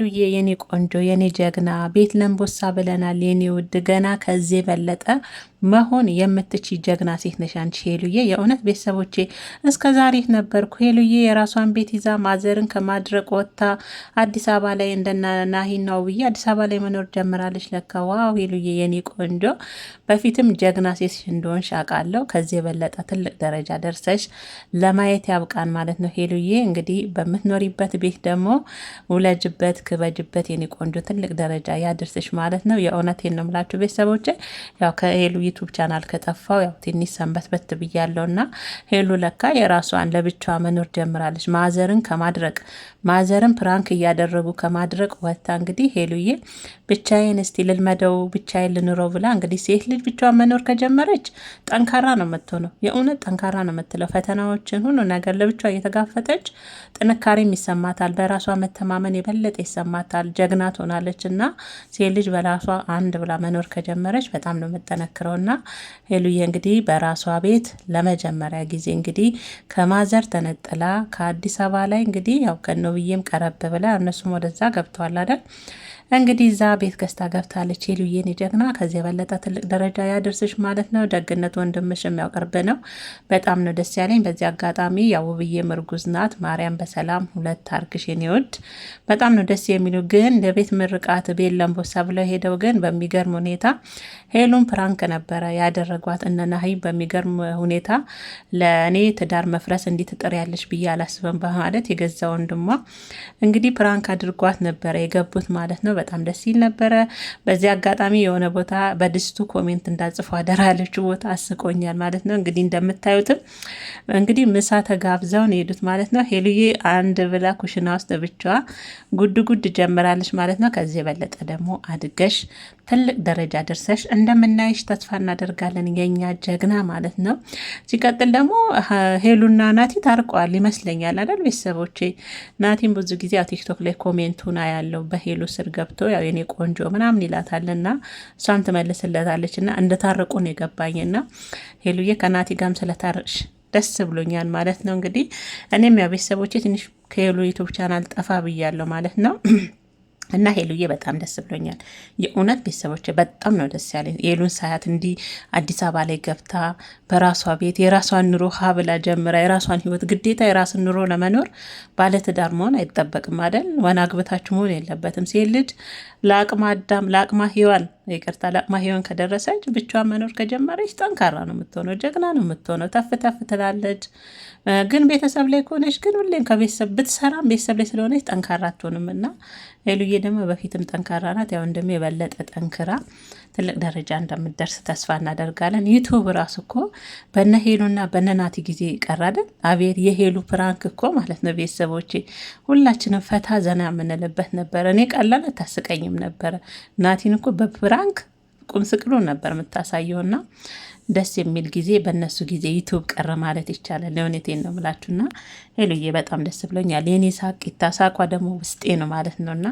ሉዬ የኔ ቆንጆ የኔ ጀግና ቤት ለምቦሳ ብለናል። የኔ ውድ ገና ከዚህ የበለጠ መሆን የምትች ጀግና ሴት ነሽ አንቺ ሄሉዬ። የእውነት ቤተሰቦቼ እስከ ዛሬ ነበርኩ ሄሉዬ የራሷን ቤት ይዛ ማዘርን ከማድረቅ ወጥታ አዲስ አበባ ላይ ነው ብዬ አዲስ አበባ ላይ መኖር ጀምራለች። ለካ ዋው ሄሉዬ የኔ ቆንጆ፣ በፊትም ጀግና ሴት እንደሆንሽ አውቃለሁ። ከዚህ የበለጠ ትልቅ ደረጃ ደርሰሽ ለማየት ያብቃን ማለት ነው ሄሉዬ። እንግዲህ በምትኖሪበት ቤት ደግሞ ውለጅበት ክበጅበት የኔ ቆንጆ ትልቅ ደረጃ ያድርስሽ ማለት ነው። የእውነቴን ነው የምላችሁ ቤተሰቦች። ያው ከሄሉ ዩቱብ ቻናል ከጠፋው ያው ትንሽ ሰንበት በት ብያለሁ እና ሄሉ ለካ የራሷን ለብቻ መኖር ጀምራለች። ማዘርን ከማድረቅ ማዘርን ፕራንክ እያደረጉ ከማድረቅ ወታ እንግዲህ ሄሉዬ ብቻዬን እስቲ ልልመደው ብቻዬን ልንረው ብላ እንግዲህ ሴት ልጅ ብቻዋን መኖር ከጀመረች ጠንካራ ነው መጥቶ ነው የእውነት ጠንካራ ነው የምትለው። ፈተናዎችን ሁሉ ነገር ለብቻ እየተጋፈጠች ጥንካሬም ይሰማታል። በራሷ መተማመን የበለጠ ይሰማታል። ጀግና ትሆናለች እና ሴት ልጅ በራሷ አንድ ብላ መኖር ከጀመረች በጣም ነው የምጠነክረው። እና ሄሉዬ እንግዲህ በራሷ ቤት ለመጀመሪያ ጊዜ እንግዲህ ከማዘር ተነጥላ ከአዲስ አበባ ላይ እንግዲህ ያው ከነብዬም ቀረብ ብላ እነሱም ወደዛ ገብተዋል አይደል እንግዲህ እዛ ቤት ገዝታ ገብታለች። ሄሉዬን ጀግና ከዚህ የበለጠ ትልቅ ደረጃ ያደርስሽ ማለት ነው። ደግነት ወንድምሽ የሚያውቀርብ ነው። በጣም ነው ደስ ያለኝ። በዚህ አጋጣሚ ያውብዬ ምርጉዝ ናት። ማርያም በሰላም ሁለት አርግሽ የኔወድ በጣም ነው ደስ የሚሉ ግን ለቤት ምርቃት ቤት ለንቦሳ ብለው ሄደው ግን በሚገርም ሁኔታ ሄሉን ፕራንክ ነበረ ያደረጓት እነናሂ በሚገርም ሁኔታ ለእኔ ትዳር መፍረስ ጥር ያለች ብዬ አላስብም በማለት የገዛ ወንድሟ እንግዲህ ፕራንክ አድርጓት ነበረ የገቡት ማለት ነው። በጣም ደስ ይል ነበረ። በዚህ አጋጣሚ የሆነ ቦታ በድስቱ ኮሜንት እንዳጽፎ አደራ ያለችው ቦታ አስቆኛል ማለት ነው። እንግዲህ እንደምታዩትም እንግዲህ ምሳ ተጋብዘውን ነው የሄዱት ማለት ነው። ሄሉዬ አንድ ብላ ኩሽና ውስጥ ብቻዋ ጉድ ጉድ ጀምራለች ማለት ነው። ከዚህ የበለጠ ደግሞ አድገሽ ትልቅ ደረጃ ደርሰሽ እንደምናይሽ ተስፋ እናደርጋለን የኛ ጀግና ማለት ነው። ሲቀጥል ደግሞ ሄሉና ናቲ ታርቀዋል ይመስለኛል አይደል? ቤተሰቦቼ ናቲም ብዙ ጊዜ ቲክቶክ ላይ ኮሜንቱን አያለው በሄሉ ስር ገብቶ ያው የኔ ቆንጆ ምናምን ይላታልና እሷም ትመልስለታለች። እና እንደታረቁ ነው የገባኝ የገባኝና ሄሉዬ ከናቲ ጋም ስለታረቅሽ ደስ ብሎኛል ማለት ነው። እንግዲህ እኔም ያው ቤተሰቦቼ ትንሽ ከሄሉ ዩቱብ ቻናል ጠፋ ብያለሁ ማለት ነው። እና ሄሉዬ በጣም ደስ ብሎኛል። የእውነት ቤተሰቦች በጣም ነው ደስ ያለኝ ሄሉን ሳያት እንዲህ አዲስ አበባ ላይ ገብታ በራሷ ቤት የራሷን ኑሮ ሀብላ ጀምራ የራሷን ህይወት ግዴታ የራስን ኑሮ ለመኖር ባለትዳር መሆን አይጠበቅም አይደል? ዋና ግብታችሁ መሆን የለበትም። ሴት ልጅ ለአቅመ አዳም ለአቅመ ሔዋን ይቅርታ ማሄዮን ከደረሰች ብቻዋን መኖር ከጀመረች ጠንካራ ነው የምትሆነው፣ ጀግና ነው የምትሆነው። ተፍ ተፍ ትላለች። ግን ቤተሰብ ላይ ከሆነች ግን ሁሌም ከቤተሰብ ብትሰራም ቤተሰብ ላይ ስለሆነች ጠንካራ አትሆንም እና ሄሉዬ ደግሞ በፊትም ጠንካራ ናት። ያው እንደሚ የበለጠ ጠንክራ ትልቅ ደረጃ እንደምደርስ ተስፋ እናደርጋለን። ዩቱብ ራሱ እኮ በነ ሄሉና በነ ናቲ ጊዜ ይቀራልን? አቤት የሄሉ ፕራንክ እኮ ማለት ነው። ቤተሰቦቼ ሁላችንም ፈታ ዘና የምንልበት ነበረ። እኔ ቀላል ታስቀኝም ነበረ። ናቲን እኮ በፕራንክ ቁም ስቅሎ ነበር የምታሳየውና ደስ የሚል ጊዜ በእነሱ ጊዜ ዩቱብ ቀረ ማለት ይቻላል። ለእውነቴን ነው የምላችሁና ሄሉዬ በጣም ደስ ብሎኛል። የኔ ሳቅ ሳቋ ደግሞ ውስጤ ነው ማለት ነው። እና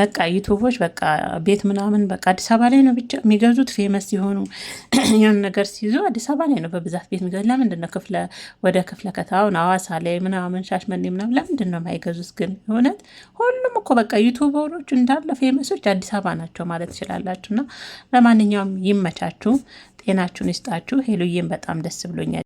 በቃ ዩቱቦች በቃ ቤት ምናምን በቃ አዲስ አበባ ላይ ነው ብቻ የሚገዙት። ፌመስ ሲሆኑ የሆን ነገር ሲይዙ አዲስ አበባ ላይ ነው በብዛት ቤት የሚገዙት። ለምንድን ነው ክፍለ ወደ ክፍለ ከተማውን አዋሳ ላይ ምናምን ሻሽመኔ ምናምን ለምንድን ነው የማይገዙት? ግን እውነት ሁሉም እኮ በቃ ዩቱበሮች እንዳለ ፌመሶች አዲስ አበባ ናቸው ማለት ትችላላችሁ። እና ለማንኛውም ይመቻችሁ። ጤናችሁን ይስጣችሁ። ሄሉዬን በጣም ደስ ብሎኛል።